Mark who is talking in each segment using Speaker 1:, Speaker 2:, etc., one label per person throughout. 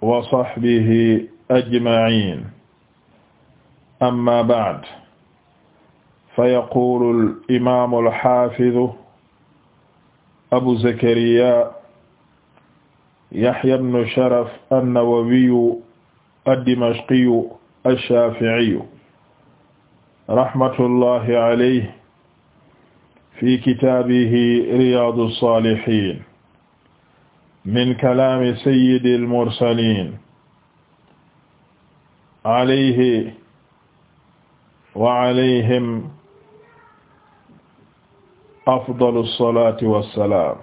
Speaker 1: wa sahbihi ajma'in amma ba'd fa yaqulu al-imam al-hafiz abu zakariya yahya ibn sharaf an-nawawi ad-dimashqi ash-shafi'i rahmatullahi alayhi fi kitabihi riyadu as-salihin min kalaami sayyidil mursaliin alayhi wa alayhim afdalu salaati wa salaam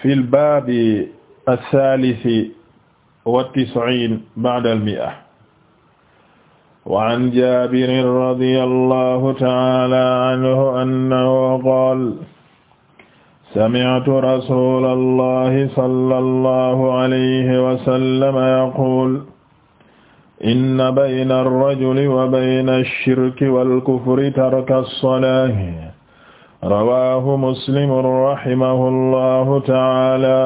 Speaker 1: fil baabi as-saalisi wa tis'iin ba'dal mi'a wa an jaabirin radiyallaahu ta'aalaa anhu annahu qaala sami'tu rasulallahi sallallahu alayhi wa sallam yaqul inna bayna ar-rajuli wa bayna ash-shirki wal-kufri tarka as-salaah rawaahu muslimun rahimahullahu ta'aala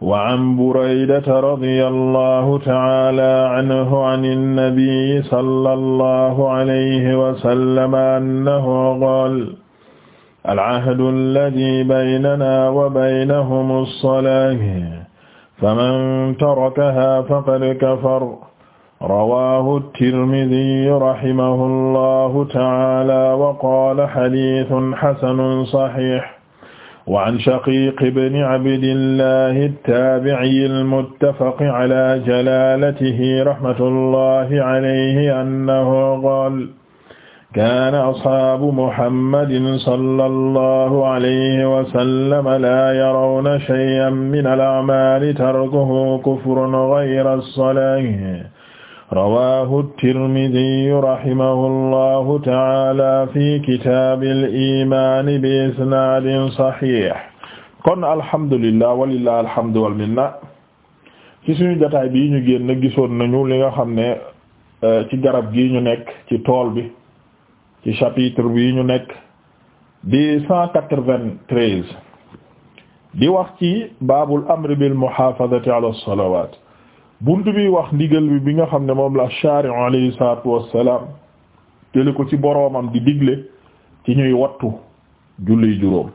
Speaker 1: wa 'an buraydata radiyallahu ta'aala anhu 'ani an-nabiyyi sallallahu alayhi wa sallam annahu qaala alahdu alladi baynana wa baynahum alsolaahi faman tarakaha faqad kafar rawahu tirmidiyu rahimahu allahu taala wa qaala xaditun xasanun saxix wa an shaqiq bni abdillahi attaabici almuttafaqi ala jalalatihi rahmatullahi alayhi annahu qaala kaana asxaabu muhammadin sallallahu alayhi wa sallam laa yarawna shay'an minal a'maali tarkuhu kufrun ghayra as-salaati rawaahu at-tirmidhiyyu rahimahullahu ta'aala fi kitaabil iimaani bi isnaadin sahiih. kon alhamdulillah walillahi alhamdu wal minna ci suñu jotaay bii ñu génn gisoon nañu li nga xam ne eh, ci garab gii ñu nekk ci tool bi. ci chapitre bi ñu nekk di cent quatre-vingt-treize di wax ci baabul amri bil muhaafadati ala salawaat bunt bi wax ndigal bi bi nga xam ne moom la shari'u alayhi salaatu wassalaam jële ko ci boroomam di digle ci ñuy wattu julli juróom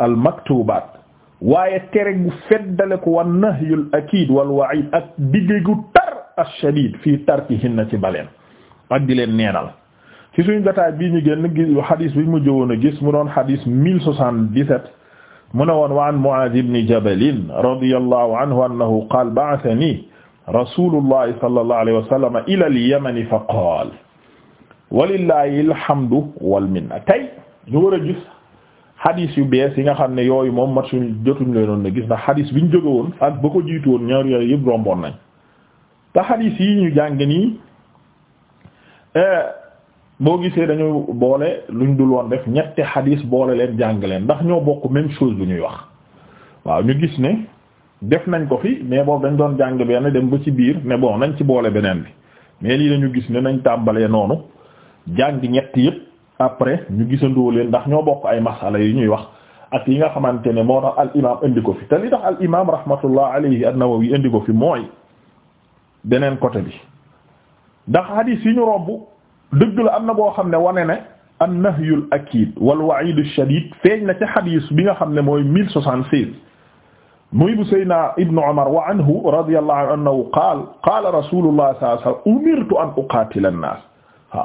Speaker 1: al maktubaat waaye tere gu feddale ko wan nahyul akiid wal wa'iid ak digge gu tar ashadiid fii tarkihinna ci baleen ak di leen neenal ci suñu jotaay bii ñu génn gi xadis bi mu jëwoon a gis mu doon xadis mille soixante-dix-sept mu ne woon wa an Mu'aaz ibn Jabal radiyallahu anhu annahu qaala ba'athanii rasuulullahi sallallahu alayhi wa sallam ila al-yaman fa qaala walillahi alhamdu wal minna tey ñu war a gis xadis yu bees yi nga xam ne yooyu moom mat suñu jotuñ leenoon na gis ndax xadis bi ñu jóge woon ak ba ko jiitu woon ñaar yooyu yëpp romboon nañ te xadis yi ñu jàng nii eh, boo gisee dañu boole luñ dul woon def ñetti xadiis boole leen jàng leen ndax ñoo bokk même chose bu ñuy wax waaw ñu gis ne def nañ ko fi mais boobu dañ doon jàng benn dem ba ci biir ne bon nañ ci boole beneen bi mais lii dañu gis ne nañ tàmbalee noonu jàng ñett yëpp après ñu gisandoo leen ndax ñoo bokk ay masala yu ñuy wax ak yi nga xamante ne moo tax al indi ko fi te li tax al imaam rahmatullah alayhi an-Nawawi indi ko fi mooy beneen côté bi ndax xadiis yi ñu romb. dëgg la am na boo xam ne wane ne an-nahyul akid wal wa'id ash-shadid feeñ na ca xadiis bi nga xam ne mooy mille soixante-seize muy bu Seydina Ibn Umar wa anhu radiyallahu anhu qaala qaala rasulullah sallallahu alayhi wa sallam umirtu an uqaatila an-naas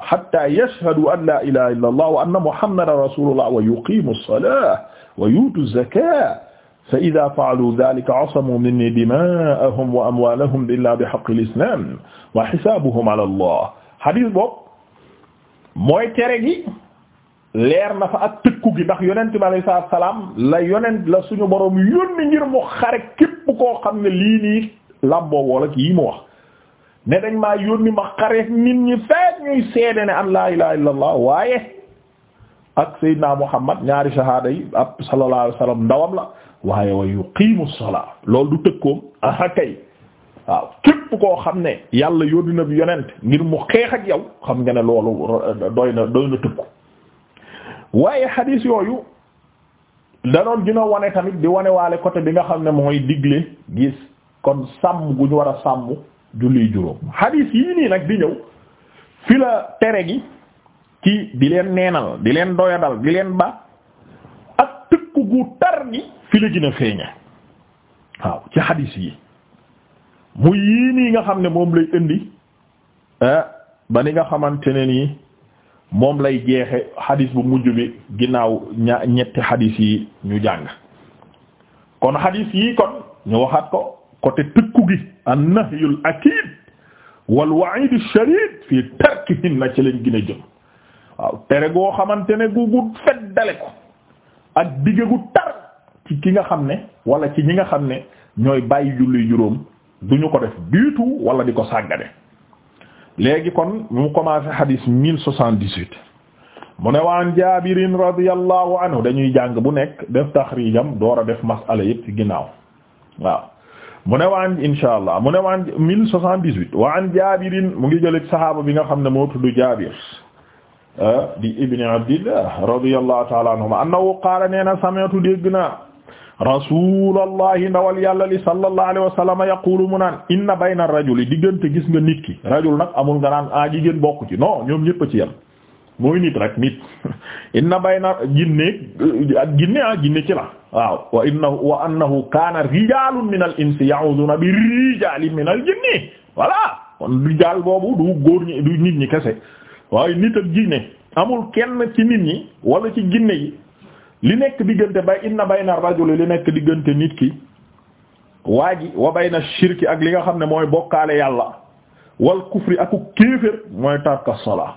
Speaker 1: hatta yashhadu an la ilaha illa allah wa anna muhammadan rasulullah wa yuqimu as-salata wa yu'tu az-zakata fa ida faalu dalika asamu minni dimaahum wa amwaalahum illa bi haqqi al-islam wa hisaabuhum ala allah hadith boobu mooy tere gi leer na fa ak tëkku gi ndax yonent bi alayhi salaatu salaam la yonent la suñu borom yónni ngir mu xare képp koo xam ne lii nii làmboo wala kii mu wax ne dañ maa yónni ma xare nit ñi fekk ñuy seede ne am laa ilaaha illallah waaye ak Seydina Muhammad ñaari sahaada yi ab sallallahu alayhi ndawam la waaye wa yuqiimu salaa loolu du tëkkoom aha kay waaw képp koo xam ne yàlla yónni na bi yonent ngir mu xeex ak yow xam nga ne loolu doy na doy na tëkku waaye xadiis yooyu da doon dina wane tamit di wane waale côté bi nga xam ne mooy digle gis kon sàmm gu ñu war a sàmm julli juróom xadiis yii nii nag di ñëw fi la tere gi ci di leen neenal di leen doyadal di leen ba ak tëkku gu tar gi fi la gën a feeñe waaw ci xadiis yi mu yii nii nga xam ne moom lay indi eh, ba ni nga xamante ne nii moom lay jeexe xadis bu mujj bi ginnaaw ña ñetti xadis yi ñu jàng kon xadis yi kon ñu waxaat ko côté tëkku gi an-nahyul akid wal wa'id ash-sharid fii ci lañ gën a jëm waaw tere xamante ne gu gu ko ak digge tar ki nga xam ne wala ci ñi nga xam ne ñooy bàyyi julli juróom duñu ko def du tout wala di ko sàggane léegi kon mu commencé hadith mille soixante dix mu ne waan jaabirin radiyallahu anhu dañuy jàng bu nekk def taxrijam door a def masala yëpp ci ginnaaw waaw mu ne waan insha allah mu ne waan mille soixante dix-huit waan jaabirin mu ngi jële saxaaba bi nga xam ne moo tudd jaabir ah, di ibni abdillah radiyallahu ta'ala anhuma annahu qaala nee na sami'tu dégg naa rasulallahi ndawal yàlla li sallallahu alayhi wa sallam yaqulu mu naan inna bayna rajuli diggante gis nga nit ki rajul nag amul nga naan ah jigéen bokk ci noo ñoom ñëpp ci yem mooy nit rek nit inna bayna jinne ak ah, jinne ci la waaw wa innahu wa annahu kaana rijalun min al insi ya'uduna bi min al jinni voilà boobu du góor nit ñi kese waaye nit ak amul kenn ci nit ñi wala ci jinne yi li nekk diggante bay inna bayna rajuli li nekk diggante nit ki waa ji wa bayna shirki ak li nga xam ne mooy bokkaale yàlla wal kufri aku kéefér mooy tarka sola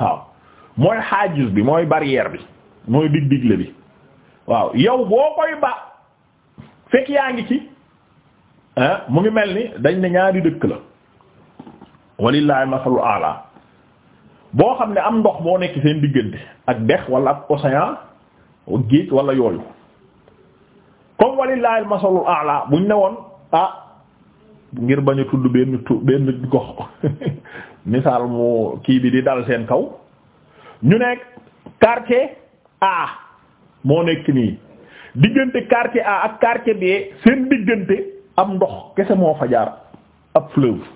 Speaker 1: waaw mooy xaajus bi mooy barrière bi mooy dig bi waaw yow boo koy ba fekk yaa ngi ci mu ngi mel ni dañ ne ñaari dëkk la walillahi masalu ala boo xam ne am ndox moo nekk seen diggante ak dex wala ak océan géej wala yooyu comme walillahi al-masalul a'la buñ ne woon ah ngir bañ a tudd benn tu benn gox misaal mu kii bi di dal seen kaw ñu nekk quartier A moo nekk nii diggante quartier A ak quartier B seen diggante am ndox kese moo fa ab fleuve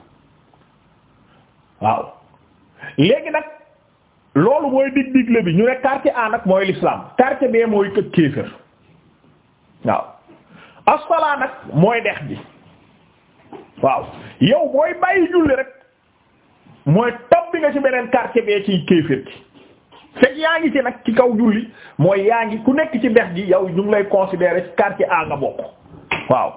Speaker 1: waaw léegi nag loolu mooy dig digle bi ñu ne quartier A nag mooy lislaam quartier B mooy kër kéefër waaw asfala nag mooy dex bi waaw yow booy bàyyi julli rek mooy tab bi nga ci beneen quartier bee ci kéefër ci fekk yaa ngi ci nag ci kaw julli mooy yaa ngi ku nekk ci dex gi yow ñu ngi lay considérer ci quartier A nga bokk waaw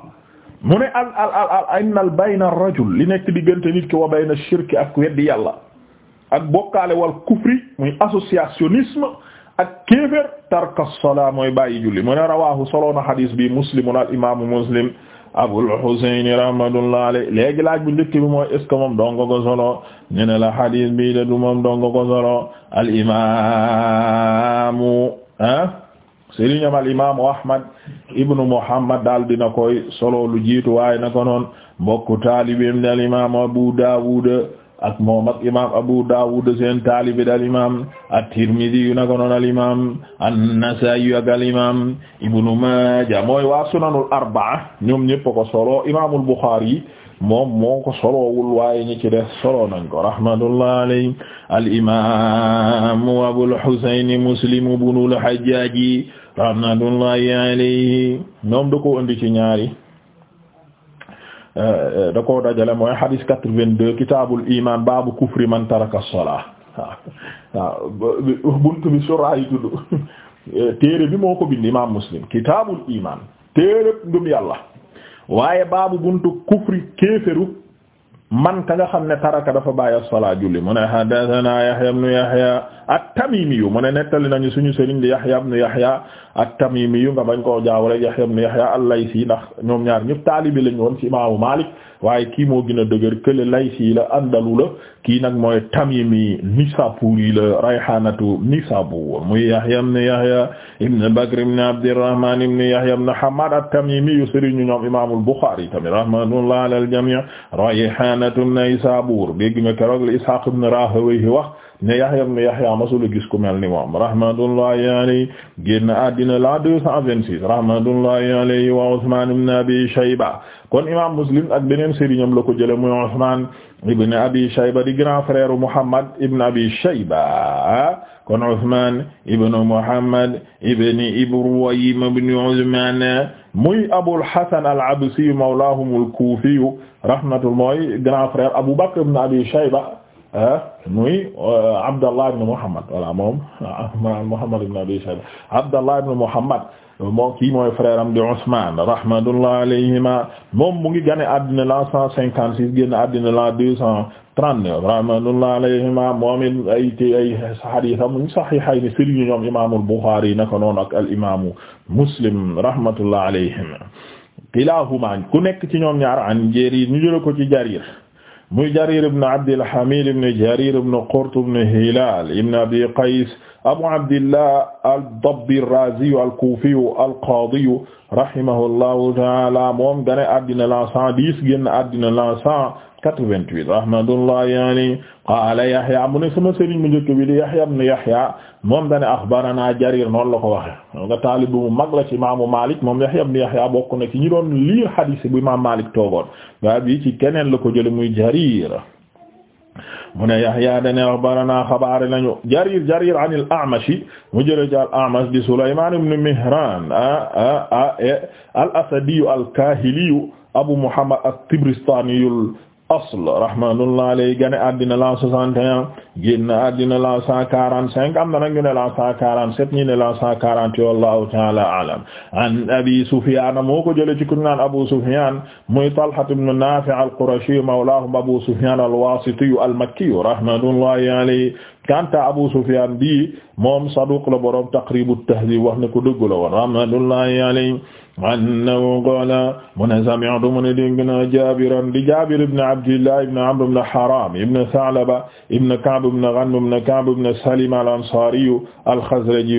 Speaker 1: mu ne al al al al innal bayna ar-rajul li nekk diggante nit ki wa bayna shirki ak weddi yàlla ak bokkaale wal kufri muy associationnisme ak kéefér tarka salaa mooy bàyyi julli mu ne rawahu soloona hadis bi muslimun al imamu muslim abul husayn rahmatullah alayhi léegi laaj bu njëkk mooy est ce que ko solo ñu ne la hadis bi de du moom donga ko solo al imamu ahmad ibnu muhammad daal dina koy solo lu jiitu waaye na ko noon mbokku taalibim de al imamu abu daawud ak moom ak imaam Abu Dawud seen taalibe al imaam at-Tirmidhi yu al imaam an ak al imaam Ibnu Maaja mooy waa sunanul arbaa ñoom ñëpp ko solo imaamul Bukhari moom moo ko solowul waaye ñi ci def solo nañ ko rahmatullah alayhi al imaam Abul Muslim ibnu al-Hajjaj rahmatullahi alayhi ñoom da ci ñaari Euh, euh, da koo dajale mooy hadith quatre-vingt-deux kitaabul iman baabu kufri man taraka as-salaa buntu bi sura yi tudd euh, téere bi moo ko bind imaam muslim kitaabul iman téere ngëm yàlla waaye baabu buntu kufri kéeferu man ka nga xam ne taraka dafa bàyyi salaa julli mu ne haddathana Yahya ibn Yahya at-Tamimi yu mu ne nettali na ñu suñu sëriñ di Yahya ibn Yahya at-Tamimi yu nga bañ koo jaawale Yahya ibn Yahya al-Laysi ndax ñoom ñaar ñëpp taalibi lañu woon ci imaamu Maalik waaye kii moo gën a dëgër kële laysi la andalu la kii nag mooy tamimi nisapuri la rayhanatu nisapur muy yahya ibn yahya ibn bakr ibn abdirrahman ibn yahya ibn hamad at-tamimi yu sëriñu ñoom imamul bukhari tamit rahmatullah ala al-jami' rayhanatu nisapur dégg nga keroog la ishaq ibn rahawayhi wax ne yahya ibn yahya masula gis ku mel ni moom rahmatullahi alayhi génn àddina la 226 rahmatullahi alayhi wa usman ibn abi kon imam muslim ak beneen sëriñam la ko jële muy Usman ibn abi shayba di grand frère muhammad ibn abi shayba kon Usman ibn muhammad ibn ibrahim ibn Usman muy abul hasan al absi mawlahum al kufi rahmatul mooy grand frère abubakr ibn abi shayba Ah muy euh, Abdallah ibn Muhammad voilà moom maanaam Muhammad ibn Abi Shayba Abdallah ibn Muhammad moom kii mooy frère am di Usman rahmatullah alayhima moom mu ngi gane àddina la cent cinquante six génn àddina la deux cent trente neuf rahmatullah alayhima moom it ay te ay hadiisam mu sahihay ni sëriñu ñoom imaamul Bukhari naka noonu ak al imaamu Muslim rahmatullah alayhima kilahuma ku nekk ci ñoom ñaar an Jarir ñu jël ko ci Jarir muy Jarir ibn Abdil Hamid ibn Jarir ibn Qurt ibn Hilal ibn Abi Qays Abu Abdillah ad-Dabbi ar-Razi al-Kufi al-Qadi rahimahullahu ta'ala moom gane addina la 110 génn addina la 100 88 rahmatullahi alayhi qaala Yahya mu ne sama sëriñ mu njëkk bi di Yahya ibn Yahya moom dane axbarana Jarir noonu la ko waxe mu mag la ci imaamu Malik moom Yahya ibn Yahya bokk na ci ñi Malik toogoon ba ci keneen la ko jële Jarir mu ne Yahya dane axbarana xabaare nañu Jarir Jarir an al mu jële ci al-A'mash di Mihraan e, al-Asadi Abu Muhammad at asl rahmatullah alayhi gane addina la 61 génn addina la 145 am na nag ñu ne la 147 ñu ne la 140 wallahu ta'ala a'lam an abi sufyan moo ko jële ci ku naan abu sufyan muy talha ibn nafi' al-qurashi mawlahu abu sufyan al-wasiti al-makki rahmatullahi alayhi kanta Abu Sufyan bi moom saduq la borom Taqribu Tahdhib wax ne ko dëgg la woon rahmatullahi alayhi annahu qala mu ne sami'tu mu ne dégg naa Jaabiran di Jaabir ibn Abdillah ibn Amr ibn Haram ibn Tha'laba ibn Ka'b ibn Ghanm ibn Ka'b ibn Salima al-Ansari al-Khazraji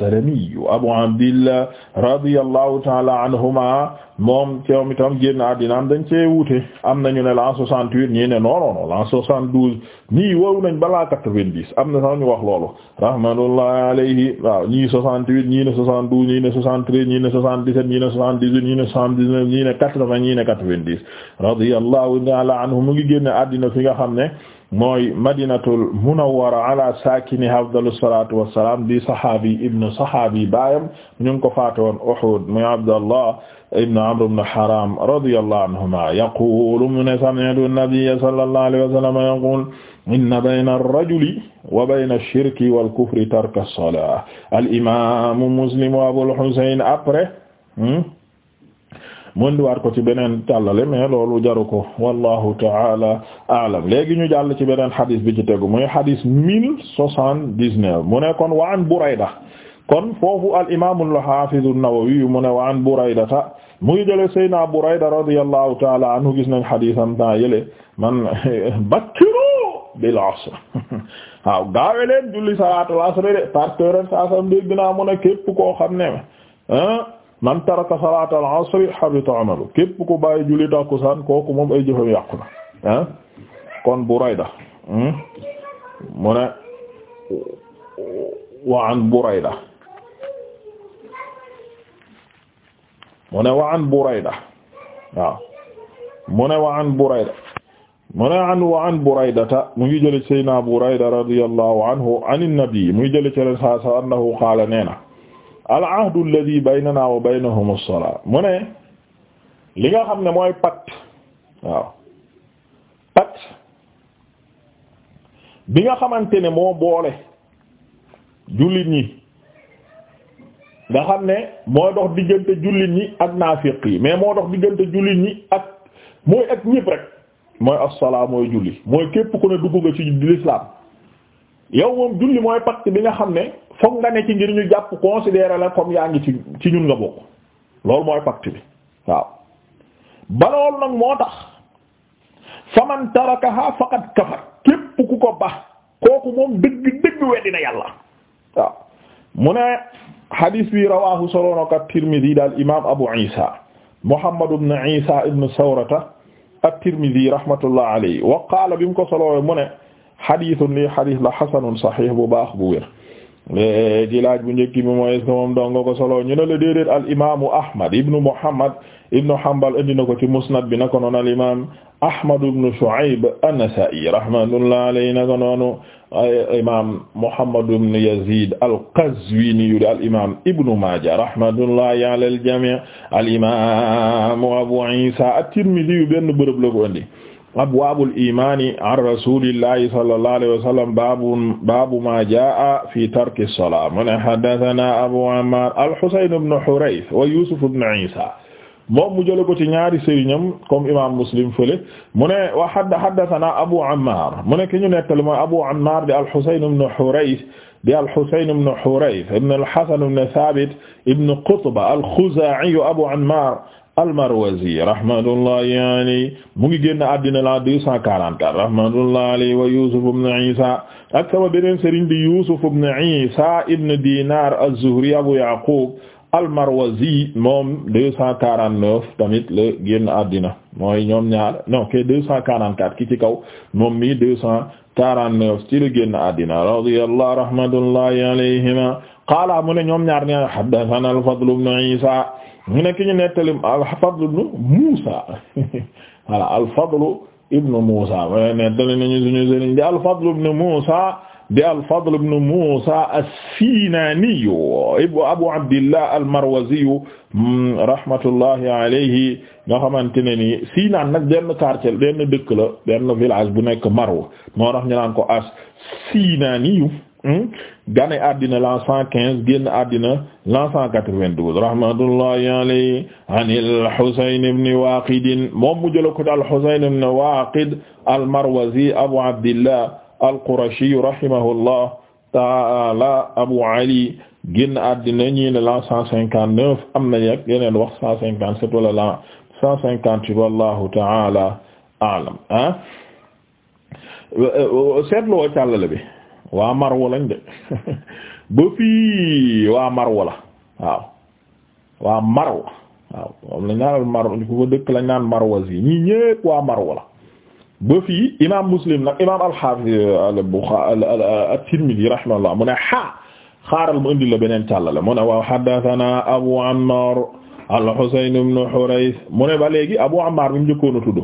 Speaker 1: as-Salamiyu Abu Abdillah radiyallahu ta'ala anhuma moom teewam itam génn àddina am dañ cee wuute am nañu ne l'an 68 ñii ne non non l'an 72 ñii woowu nañ balaa 90 am na sax ñu wax loolu rahmatullahi alayhi waaw ñii 68 ñii ne 72 ñii ne 73 ñii ne 77 ñii ne 78 ñii ne 79 ñii ne 80 ta'ala anhu mu ngi génn àddina fi nga xam ne mooy madinatul munawwara ala sakini afdalu salatu wassalam di sahabi ibnu sahabi baayam ñu ngi ko faate woon Uhud muy Abdallah ibnu Amr ibnu Haram radiyallahu anhuma yaqulu mu ne sami'tu nabiyya sallallahu alayhi wa sallam yaqul inna bayna ar-rajuli wa bayna ash-shirki wal kufri tarka as-salah al-imam Muslim wa Abul Husayn après hmm? mu indiwaat ko ci beneen tàllale mais loolu jaru ko wallahu taala aalam léegi ñu jàll ci beneen xadis bi ci tegu muy xadis mille soixante-dix-neuf mu ne kon wa an Burayda kon foofu al imaam al haafiz an-Nawawi mu ne wa an Buraydata mu ngi jële Seydina Burayda radiyallahu taala anhu gis nañ xadisam temps yële man bakkiru bil asr waaw gaawe leen julli salaatul asr de parce que ren saa sam dégg mu ne képp koo xam ne man taraka salata al asri habita amalu képp ku bàyyi julli san kooku moom ay jëfam yàqu na ah kon Burayda hmm? mu ne wa an Burayda mu ne wa an Burayda waaw mu ne wa an Burayda mu ne an wa an Buraydata mu ngi jële ci Seydina Burayda radiyallahu an an-nabi mu ngi jële ci Rasul sallallahu alayhi wa sallam annahu qaala nee na al ahdu alladhi baynana wa baynahum as-salat mu ne li nga xam ne mooy pacte waaw pacte bi nga xamante ne moo boole jullit ñi nga xam ne moo dox diggante jullit ñi ak naafiq yi mais moo dox diggante jullit ñi ak mooy ak ñëpp rek mooy as-salaa mooy julli mooy képp ku ne dugg nga ci lislaam yow moom julli mooy pacte bi nga xam ne fokk nga ne ci ngir ñu jàpp considérer la yaa ngi ci ci ñun nga bokk loolu mooy pacte bi waaw ba loolu nag moo tax faman tarakaha faqad kafar képp ku ko bax kooku moom dëgg dëgg weddi na yàlla waaw mu ne hadis bi rawahu solono ka Tirmidhi daal imam Abu Isa Muhammad ibn Isa ibn Sawrata at-Tirmidhi rahmatullah alayhi wa qaala bi mu ko solowee mu ne hadithun li hadith la hasanun sahih bu baax bu léegi eh, laaj bu njëkk bi mooy est-ce ko solo ñu ne la déedéet al imaamu Ahmad ibnu Muhammad ibnu Hanbal indi na ko ci musnad bi naka noonu al imaam Ahmad ibnu Shu'ayb an-Nasaa'i rahmatullahi alayhi naka noonu imaam Muhammad Maaja rahmatullahi ala Abu Iisa at-Tirmidhi yu benn bërëb la ko abwaabul imaani an rasuulillahi sallallahu alayhi wa sallam baabu baabu maa jaa fi tarki salaa mu ne haddasanaa abu ammaar al-Husayn ibn Hurayth wa Yuusuf ibn Iisaa moom mu jëlee ko ci ñaari sëriñam comme imaam Muslim fële mu ne wa haddasanaa abu ammaar mu ne ki ñu nettali mooy abu ammaar di al-Husayn ibn Hurayth di al-Husayn ibn Hurayth ibn al-Hasan ibn Thaabit ibn Qutba al-Khuzaa'i abu ammaar al-Marwazi rahmatullahi alayhi mu ngi génn àddina la 244 rahmatullahi alayhi wa Yusuf ibn Isa ak sama beneen sëriñ bi Yusuf ibn Isa ibn Dinar az-Zuhri Abu Yaqub al-Marwazi moom 249 tamit la génn àddina mooy ñoom ñaar non ke 244 ki ci kaw moom mi 249 ci la génn àddina radiyallahu rahmatullahi alayhima qaala mu ne ñoom ñaar ne haddathana al-Fadl ibn Isa ñu ne ki ñu nettali al-Fadl ibn Musa voilà al-Fadl ibn Musa wala nettali nañu suñu sëriñ di al-Fadl ibn Musa di al-Fadl ibn Musa as-Sinani ibn Abu Abdillah al-Marwazi rahmatullahi alayhi nga xamante ne ni Sinan nag benn quartier benn dëkk la benn village bu nekk Marwa moo tax ñu naan ko as-Sinani Hmm? gane àddina l'an cent quinze génn àddina l'an cent quatre-vingt-douze rahmatullahi alayhi an al-Husayn ibn Waqid moom mu jël ko al-Husayn ibn Waqid al-Marwazi Abu Abdillah al-Qurashi rahimahullah ta'ala Abu Ali génn àddina ñi ne l'an cent cinquante-neuf am na yeneen wax cent cinquante-sept wala l'an cent cinquante-huit wallahu ta'ala a'lam ah seetloo càllale bi waa Marwa lañ de fii waa mar la waaw waa Marwa waaw moom lañ naan Marwa ku ko dëkk lañ naan Marwazi ñii ñépp waa Marwa la ba fii imaam Muslim nag imaam al-Hafiz al-Bukhari at-Tirmidhi rahimahullah mu ne xaa xaaral mu indi la beneen càllale mu ne waaw haddathana Abu Ammar al-Husayn ibn Hurayth mu ne ba léegi Abu Ammar bi mu njëkkoon a tudd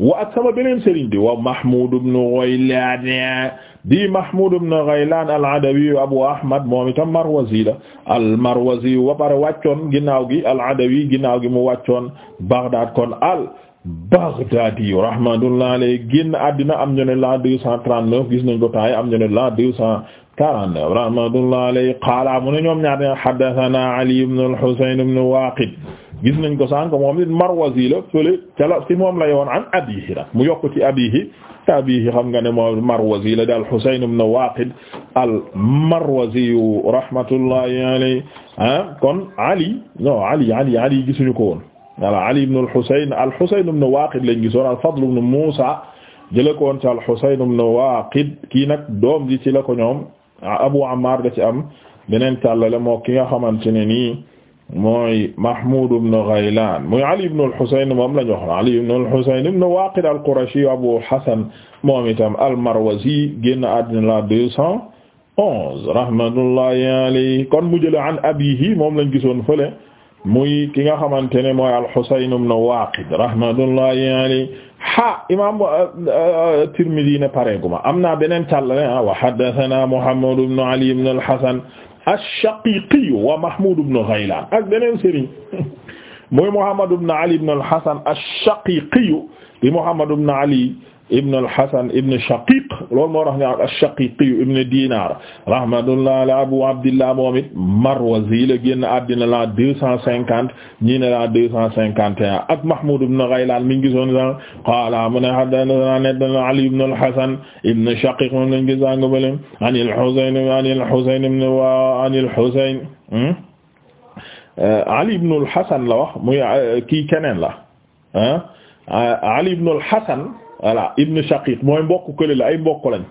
Speaker 1: wa ak sama beneen sëriñ di wa Mahmoud ibn Ghaylan di Mahmoud ibn Ghaylan al-Adawi Abu Ahmad moom itam Marwazi la al-Marwazi wa pare wàccoon ginnaaw gi al-Adawi ginnaaw gi mu wàccoon Baghdad kon al-Baghdadi rahmatullahi alayhi génn àddina am ñu ne l'an deux cent trente-neuf gis nañ ko taay am ñu ne l'an deux cent quarante-neuf rahmatullahi alayhi qaala mu ne ñoom ñaar haddathana Ali ibn al-Husayn ibn Waqid gis nañ ko sànq moom it Marwazi la fële ca la moom la yoon an abihi nag mu yokk ci abihi te abihi xam nga ne moom Marwazi la daal Husayn ibn Waqid al Marwazi rahmatullahi alayhi ah, kon Ali non Ali Ali Ali gisuñu ko woon voilà Ali ibn al-Husayn al-Husayn ibn Waqid lañ gisoon al-Fadl ibn Musa jëlee ko woon ci al-Husayn ibn Waqid kii nag doom ji ci la ko ñoom ah, Abu Ammar da ci am beneen tallale moo ki nga xamante ne nii. mooy Mahmoud ibn Ghaylan muy Ali ibn al-Husayn moom la ñu wax Ali ibn al-Husayn ibn Waqid al-Qurashi Abu Hasan moom itam al-Marwazi génn àddina la deux cent onze rahmatullahi alayhi kon mu jëlee an abiihi moom lañ gisoon fële muy ki nga xamante ne mooy al-Husayn ibn Waqid rahmatullahi alayhi ha imaam uh, uh, Tirmidhi ne pareeguma am na beneen talla ah, wa haddathana Muhammad ibn Ali ibn al-Hasan ash-Shaqiqi wa Mahmoud ibn Ghaylan ak beneen sëriñ mooy Muhammad ibn Ali ibn al-Hasan ash-Shaqiqi di Muhammad ibn Ali ibn al-Hasan ibn Shaqiq loolu moo tax ñu naan ash-Shaqiqi ibn Dinar rahmatullah ala Abu Abdillah moom it Marwazi la génn àddina la deux cent cinquante ñii ne la deux cent cinquante et un ak Mahmoud ibn Ghaylan mi ngi gisoon sax qaala mu ne haddathana netdana Ali ibn al-Hasan ibn Shaqiq moom lañ gis sànga bale an al-Husayn an al-Husayn ibn wa an al-Husayn hmm? euh, Ali ibn al-Hasan la wax muy euh, kii keneen la euh, Ali ibn al-Hasan voilà ibn shaqiq mooy mbokk kële la ay mbokk lañ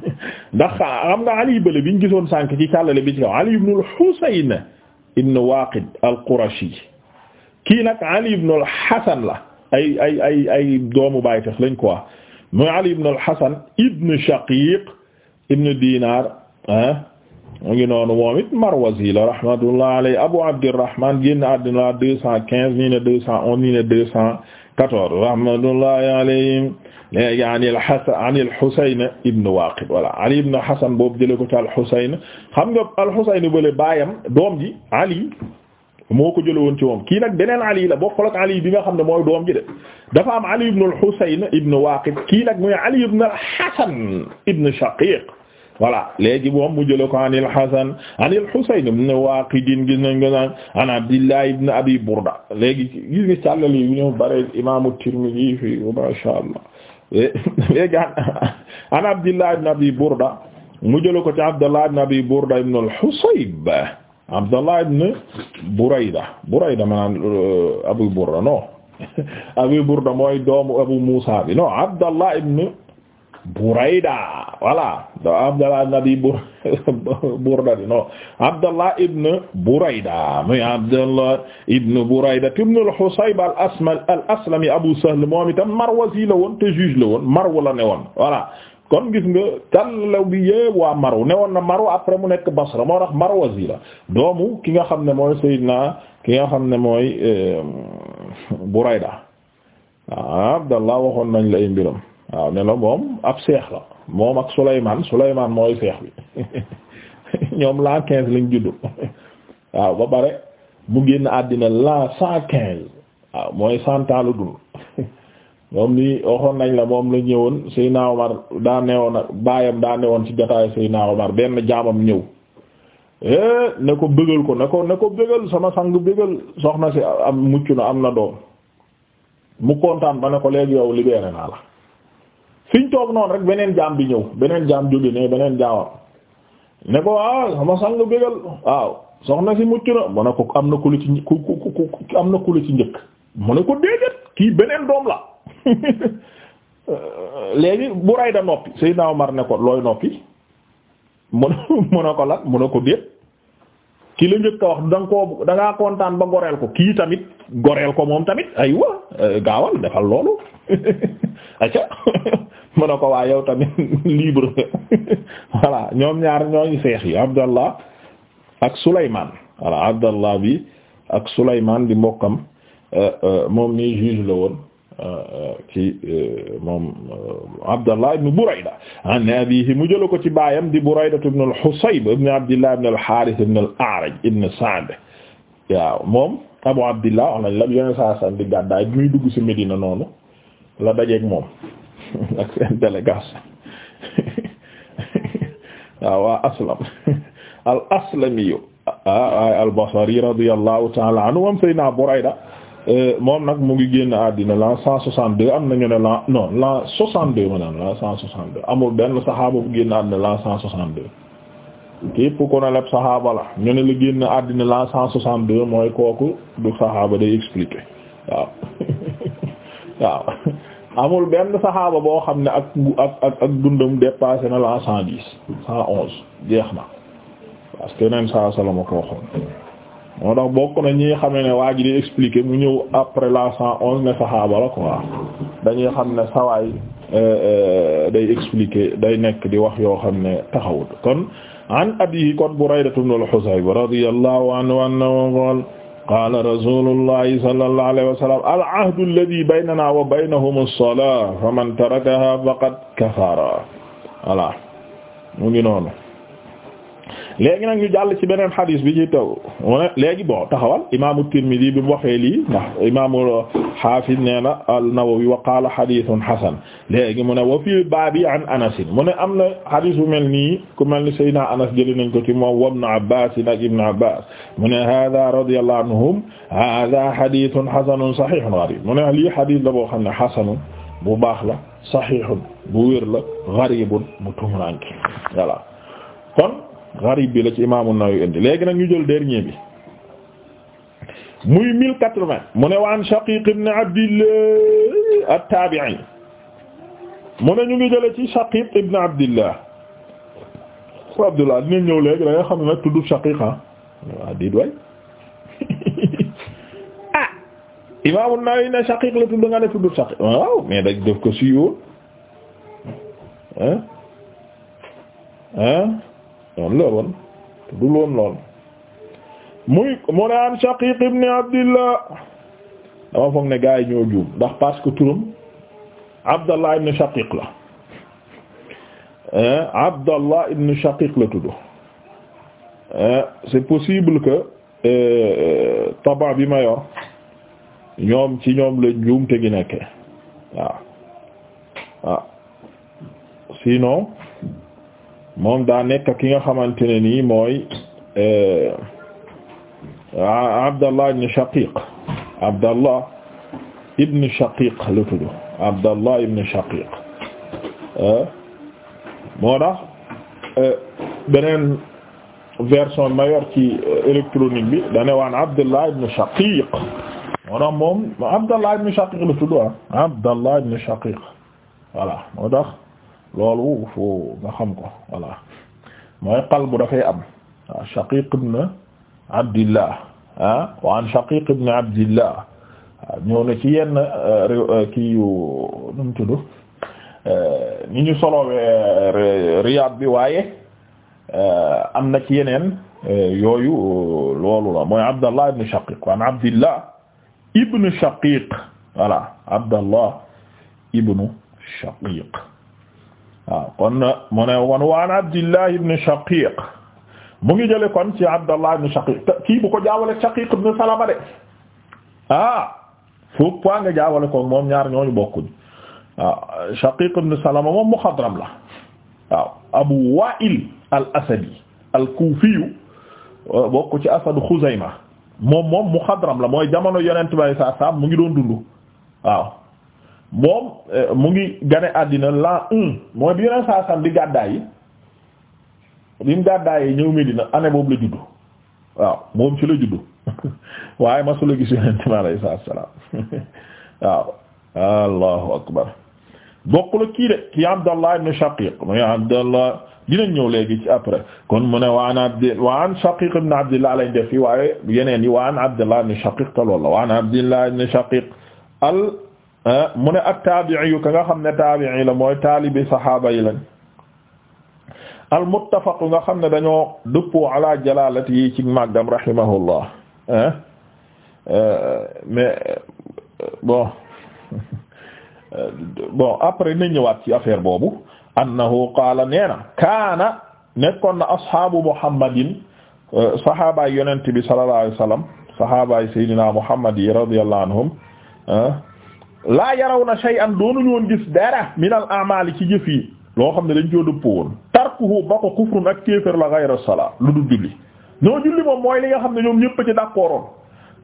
Speaker 1: ndax xam nga ali bële biñ gisoon sànk ci càllale bi ci kaw ali ibn al-husayn ibn waqid al-qurashi kii nag ali ibn al-hasan la ay ay ay ay doomu bàyyi tax lañ quoi mooy ali ibn al-hasan ibn shaqiq ibn dinar ah mu ngi noonu moom it Marwazi la rahmatullah alayhi Abu Abdirrahman génn àddina deux cent quinze ñii ne deux cent onze ñii ne deux cent quatorze rahmatullahi alayhim léegi anil Hasan anil Husayn ibn Waqid voilà Ali ibn Hasan boobu jëlee ko ci al Husayn xam nga al Husayn bële baayam doom ji Ali moo ko jëlee woon ci moom kii nag beneen Ali la bokkul ak Ali bi nga xam ne mooy doom ji de dafa am Ali ibn al Husayn ibn Waqid kii nag mooy Ali ibn al Hasan ibn Shaqiq voilà léegi moom mu jële ko anil Hasan anil Husayn ibn Waaqid gis nañ ko naan an Abdillah ibn Abi Burda léegi gis nga càllal yi ñu bare imaamu Tirmidhi fi ma sha Allah léegi an Abdillah ibn Abi Burda mu jële ko ci Abdallah ibn Abi Burda ibn al-Husayb Abdallah ibn Burayda Burayda maanaam euh, Abu Burda non Abu Burda mooy doomu Abu Muusa bi non Abdallah ibn Burayda voilà Abdallah ibn Abi Burda no Abdallah ibn Burayda muy al-Husayb al-Asmal al-Aslami Abu Sahl moom itam Marwazi la te juge la woon Marwa ne woon voilà kon gis nga tallalaw bi yépp waa mar ne woon na Marw après mu nekk Basra moo tax Marwazi la doomu ki nga xam ne mooy Seydina ki nga xam ne mooy euh, Burayda ah, waxoon nañ la waaw ne la moom ab seex la moom ak Souleymane Souleymane mooy seex bi ñoom l'an quinze lañ juddu waaw ba pare mu génn àddina l'an cent quinze waaw mooy cent ans lu dund moom ni waxoon nañ la moom la ñëwoon Seydina Omar daa newoon baayam daa ci jotaayu Seydina Omar benn jaamam ñëw eh, ne ko bëggal ko ne ko ne ko bëggal sama sang bëggal soxna si am mucc na am na doom mu kontaan ba ne ko léegi yow libéré naa la fiñ toog noonu rek beneen jaam bi ñëw beneen jaam jóge ne beneen jaamam ne ko waaw ah, sama sang bégal waaw soxna si mucc na mu ne ko am na ku la ci ku am na ku ci njëkk mu ne ko déedéet kii beneen doom la léegi Burayda noppi Seydina Omar looy noppi mu mu ne ko lan mu ne ko déet ki la njëkk a wax da nga kontaan ba goreel ko kii tamit goreel ko moom tamit aywa gaawal defal loolu acca mën ko waa yow tamit libre voilà ñoom ñaar ñooñu seex yi abdallah ak Souleymane voilà bi ak Souleymane di mbokkam euh, euh, moom ni juge la woon ci euh, moom abdallah ibn Burayda an abihi mu jëla ko ci baayam di Burayda ibn al-Husayb ibn abdillah ibn al-Harith ibn al-A'raj ibn Sa'd waaw moom abu abdillah wax nañ la yeneen saa san di gàddaay bi muy dugg ci Medina noonu la dajeek moom ak seen délégation waaw waa aslam al aslamiyu ah al basri radiyallahu ta'ala anhu moom Seydina Burayda euh, moom nag mu ngi génn àddina l'an 162 am nañu ne l'an non l'an 62 maanaam l'an 162 amul benn saxaaba bu génn àddina l'an 162. képp ku ne lépp saxaaba la ñu ne la génn àddina l'an 162 mooy kooku du saxaaba day expliquer waaw waaw. amul benn saxaaba boo xam ne ak ak ak ak dundam dépassé na la cent dix cent onze jeex na parce que neen saa salama ko waxoon moo tax bokk na ñi xamee ne waa ji di expliquer mu ñëw après la cent onze ne saxaaba la quoi dañuy xam ne sawaay euh, euh, day expliquer day nekk di wax yoo xam ne taxawut kon an abihi kon Buraydatu ibn al-Husayb radiyallahu anhu annahu qala qaala rasuulullahi sallallahu alayhi wa sallam al ahdu alladhi baynana wa baynahum as-salaa faman tarakaha faqad kafara voilà mu ngi noonu léegi nag ñu jàll ci beneen xadis bi ci taw mu ne léegi bon taxawal imaamu Tirmidi bi mu waxee lii ndax imaamu Xaafis nee na an-Nawawi wa qaala xadiisun xasan léegi mu ne wa fii baabi an Anas mu ne am na xadis bu mel nii ku mel ni Seydina Anas jëli nañ ko ci moom wa Ibn Abbaas ak Ibn Abbaas mu ne haaza radiyallaahu anhum haaza xadiisun xasanun saxiixun gariib mu ne lii xadis la boo xam ne xasanun bu baax la saxiixun bu wér la gariibun bu tumuraanke voilà kon gharib bi la ci imaamu Nawawi indi léegi nag ñu jël dernier bi muy mille quatre-vingts mu ne waan Shaqiq ibn Abdillah at mu ne ñu ngi jële ci Shaqiq ibn Abdillah ko Abdullah dinañ ñëw léegi da nga xam ne nag tudd Shaqiq ah waaw diit waay ah imaamu Nawawi la tudd nga ne tudd Shaqiq waaw mais dañ def ko si yoon ah ah noonu la woon lool muy mu ne an Shaqiq ibn Abdillah dama foog ne gars ñoo juum ndax parce que turam Abdallah ibn Shaqiq la Abdallah ibn Shaqiq la tudd c'est possible que euh, euh, taban bi ma yor ñoom ci ñoom la juum te gi nekke waaw waaw sinon moom daa nekk ki nga xamante ne nii mooy eh, Abdallah ibn Shaqiq Abdallah ibn Shaqiq la tudd Abdallah ibn Shaqiq eh, moo tax eh, beneen version mayor ci électronique bi da ne waan Abdallah ibn Shaqiq moo moom Abdallah ibn Shaqiq la tudd ah Abdallah ibn Shaqiq voilà moo tax loolu foo nga xam ko voilà mooy qalbu dafay am waaw shaqiq ibn abdillah ah wa an shaqiq ibn abdillah ñëw na ci yenn euh, euh, kii yu nu euh, ni ñu solowee bi waaye am na ci yeneen yooyu loolu la mooy Abdallah ibn Shaqiq an Abdillah ibn Shaqiq voilà Abdallah ibn Shaqiq waaw kon mu ne wan waan Abdullah Shaqiq mu ngi jële kon ci Abdullah ibn Shaqiq kii bu ko jaawale Shaqiq ibn Salama de ah foog faa nga jaawale ko moom ñaar ñooñu bokkuñ waaw ah, Shaqiq ibn Salama moom muxadram la waaw ah, Abu Wa'il asadi al-Kufi ah, bokk ci Asad Xuzayma moom mu muxadram la mooy jamono yonent bi saa saa mu ngi doon dund moom euh, mu ngi gane àddina l'an un mooy bi yeneen saa sam di gàddaay yi bi mu gàddaay yi ñëw Medina année boobu la juddu waaw moom ci la juddu waaye ma su la gis yonent mi alayhi salaam waaw allahu akbar bokkul kii de ki Abdallah ibn Shaqiq muy ñëw léegi ci après kon mu ne waan abdi waan Shaqiq na Abdillah lañ def fi waaye yeneen yi waan Abdallah ibn Shaqiq te loolu la waan Abdillah ibn Shaqiq al Eh, mu ne ak taabi'i yu ka nga xam ne taabi'i la mooy taalibi saxaaba yi lañ al muttafaq nga xam ne dañoo dëppoo ala jalalati yi ci màggam rahimahullah eh? Eh, mais bon bon après na ñëwaat ci affaire boobu annahu qaala nee na kaana nekkoon na ashaabu muhammadin sahabaay yonent bi sallallahu alayhi wasallam sahabaay sayyidina muhammad yi radiyallahu laa yaraw na shay'an doonuñu woon gis dara minal amali ci jëf yi loo xam ne dañ coo dëppoo woon tarkuhu ba ko kufrun ak kéefër la ghayra lu du julli ñoo julli moom mooy li nga xam ne ñoom ñëpp ci d'accord woon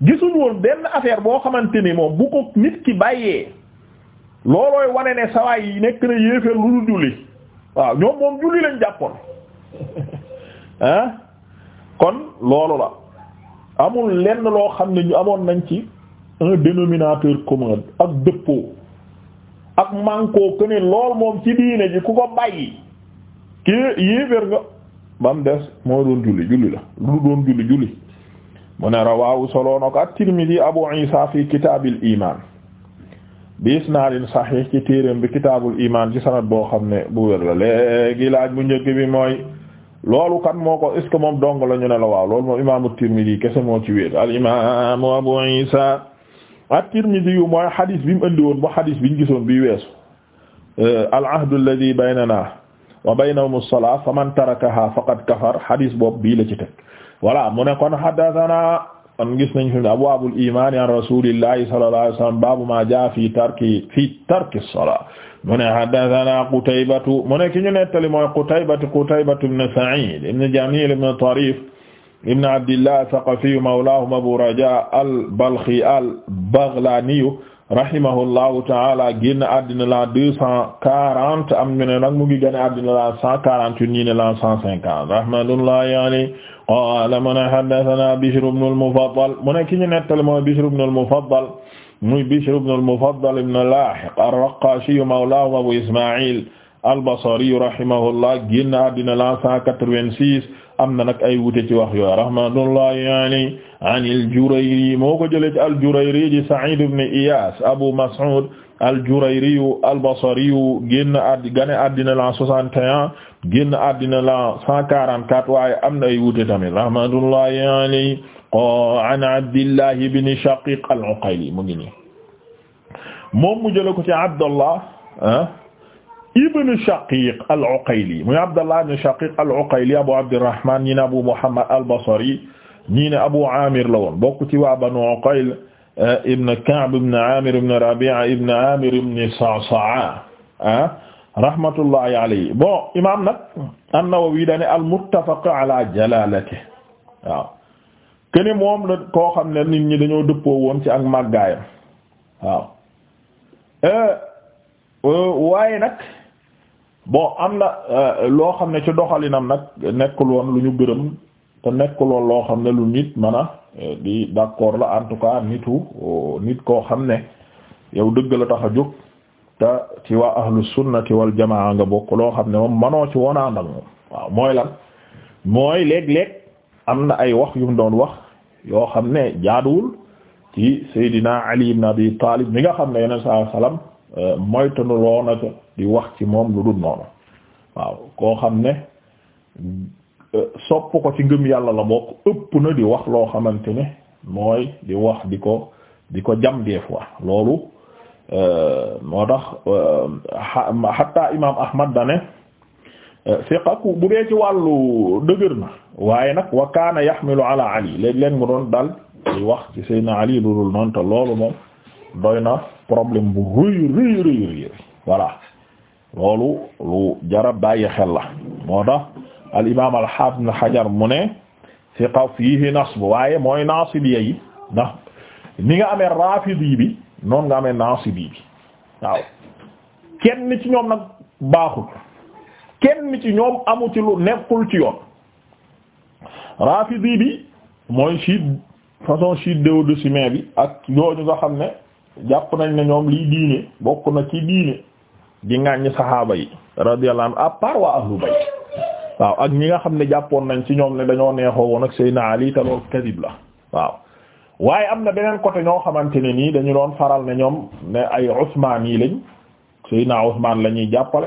Speaker 1: gisuñu woon benn affaire boo xamante ni moom bu ko nit ki bàyyee loolooy wane ne sawaay yi nekk na yéeféer lu du julli waaw ñoom moom julli lañ jàppoon ah kon loolu la amul lenn loo xam ne ñu amoon nañ ci un dénominateur commun ak dëppoo ak mànkoo que ne lool moom ci diine ji ku ko bàyyi kii yéeféer nga ba mu des moo doon julli julli la lu doon julli julli mu ne rawaawu soloon ak at-Tirmidhi Abu Isa fi kitaabil iman bi isnaadin sahih ci téereem bi kitaabul iman ci sanad boo xam ne bu wér la léegi laaj bu njëkk bi mooy loolu kan moo ko est ce moom dong la ñu ne la waaw loolu moom imaamu Tirmidhi kese moo ci wéet al imaamu Abu Isa at-Tirmidhi yu mooy xadis bi mu andi woon ba xadis bi ñu gisoon bi weesu euh, al-ahdu alladhi baynana wa baynahum as-salaa faman tarakaha faqad kafar xadis boobu bii la ci teg voilà mu ne kon haddathana kon gis nañ fi mu ne abwaabul iimaan an rasuulillahi sallallahu alayhi wa sallam baabu maa jaa'a fii tarki fii tarki as-salaa mu ne haddathana Qutaybatu mu ne ki ñu nettali mooy Qutaybatu Qutaybatu ibn Sa'iid ibn Jamiil ibn Tariif ibn abdillah ath-Thaqafiyu mawlaahum Abu Rajaa al-Balkhi al-Baghlaaniyu rahimahullahu taala génn àddina la deux cent quarante am ñu ne nag mu ngi génn àddina la cent quarante huit ñi ne la cent cinquante rahmatullahi alayhi qaala mu ne haddathana Bishr ibn al-Mufaddal mu ne ki ñu nettali mooy Bishr ibn al-Mufaddal muy Bishr ibn al-Mufaddal ibn Laahiq ar-Raqaashiyu mawlaahum Abu Ismaa'iil al-Basriyu rahimahullah génn àddina la cent quatre-vingt-six am na nag ay wute ci wax yooyu rahmatullahi alayhi an al-Jurayri moo ko jëlee ci al-Jurayri di Sa'id ibn Iyas Abu Mas'ud al-Jurayri al-Basri génn ad gane àddina la 61 génn àddina la 144 waaye am na ay wute tamit rahmatullahi alayhi an Abdillah ibn Shaqiq al-Uqayli mu ngi nii moom mu jëlee ko ci Abdallah ah, ibn Shaqiq al-Uqayli muy Abdallah ibn Shaqiq al-Uqayli Abu Abdirrahman ñi Muhammad al-Basri ñi Abu Amir la woon bokk ci waa Banu Uqayl eh, ibn Ka'b ibn Amir ibn Rabi'a ibn Amir ibn Sa'sa'a ah rahmatullahi alayhi bon an-Nawawi dane al-muttafaq ala jalalatihi waaw moom la koo xam ne nit ñi dañoo dëppoo woon ci ak màggaayam bo am na euh, loo xam ne ci doxalinam nag nekkul woon lu ñu gërëm te nekkul woon loo xam ne lu nit man a euh, di d'accord la en tout cas nitu euh, nit koo xam ne yow dëgg la tax a jóg te ci wa ahlu sunnati wal jamaa nga bokk loo xam ne moom manoo ci woon a moom waaw mooy lan mooy léeg-léeg am na ay wax yu mu doon wax yoo xam ne jaaduwul ci Seydina Ali ibn Abi Talib mi nga xam ne yeneen saa salaam moytanuloo na ko di wax ci moom lu dul noonu waaw koo xam ne sopp ko ci ngëm yàlla la bokk ëpp na di wax loo xamante ne mooy di wax di ko di ko jam des wa loolu moo tax xatta imaam Ahmad dane fiqaku bu dee ci wàllu dëgër na waaye nag wa kaana yaxmilu ala Ali léeg-léeg mu doon dal di wax ci Seydina Ali lu dul noonu loolu moom doy na problème bu rëy rëy rëy rëy voilà loolu lu jara bàyyi xel la moo tax al imaam al haafid ibn Hajar mu ne siqa fiihi nasb waaye mooy naasibi yi ndax ni nga amee raafidi bi noonu nga amee naasibi bi waaw kenn ci ñoom nag baaxul kenn ci ñoom amu ci lu nekkul ci yoon raafidi bi mooy chiite façon chiite Théodecimien bi ak ñooñu nga xam ne jàpp nañ ne ñoom lii diine bokk na ci diine di ŋàññ saxaaba yi radiyallahu anhu à part waa ahlu bayt waaw ak ñi nga xam ne jàppoon nañ ci ñoom ne dañoo neexoo woon ak Seydina Ali te loolu kadib la waaw waaye am na beneen côté ñoo xamante ne nii dañu doon faral ne ñoom ne ay Usmaan yi lañ Seydina Usmaan la ñuy jàppale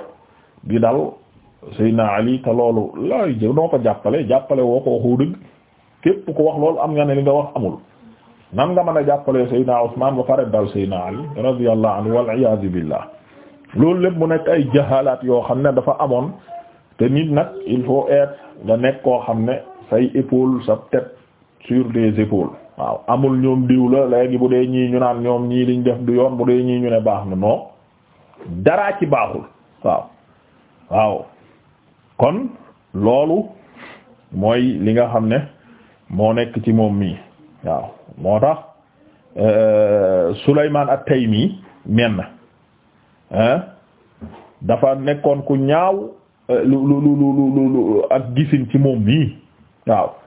Speaker 1: di dal Seydina Ali te loolu looy jë doo ko jàppale jàppale woo ko waxoo dëgg képp ko wax loolu am nga ne li nga wax amul nan nga mën a jàppale Seydina Usman ba pare dal Seydina Ali radiyallahu anhu wal iyaazu billah loolu lépp mu nekk ay jaxalaat yoo xam ne dafa amoon te nit nag il faut être nga nekk koo xam ne say épaule sa tête sur des épaules waaw amul ñoom diw la léegi bu dee ñii ñu naan ñoom ñii liñ def du yoon bu dee ñii ñu ne baax na non daraa ci baaxul waaw waaw kon loolu mooy li nga xam ne moo nekk ci moom mii waaw moo tax euh, Sulaymaan at-Taymi menn dafa nekkoon ku ñaaw euh, lu lu lu lu lu ak gisin ci moom nii waaw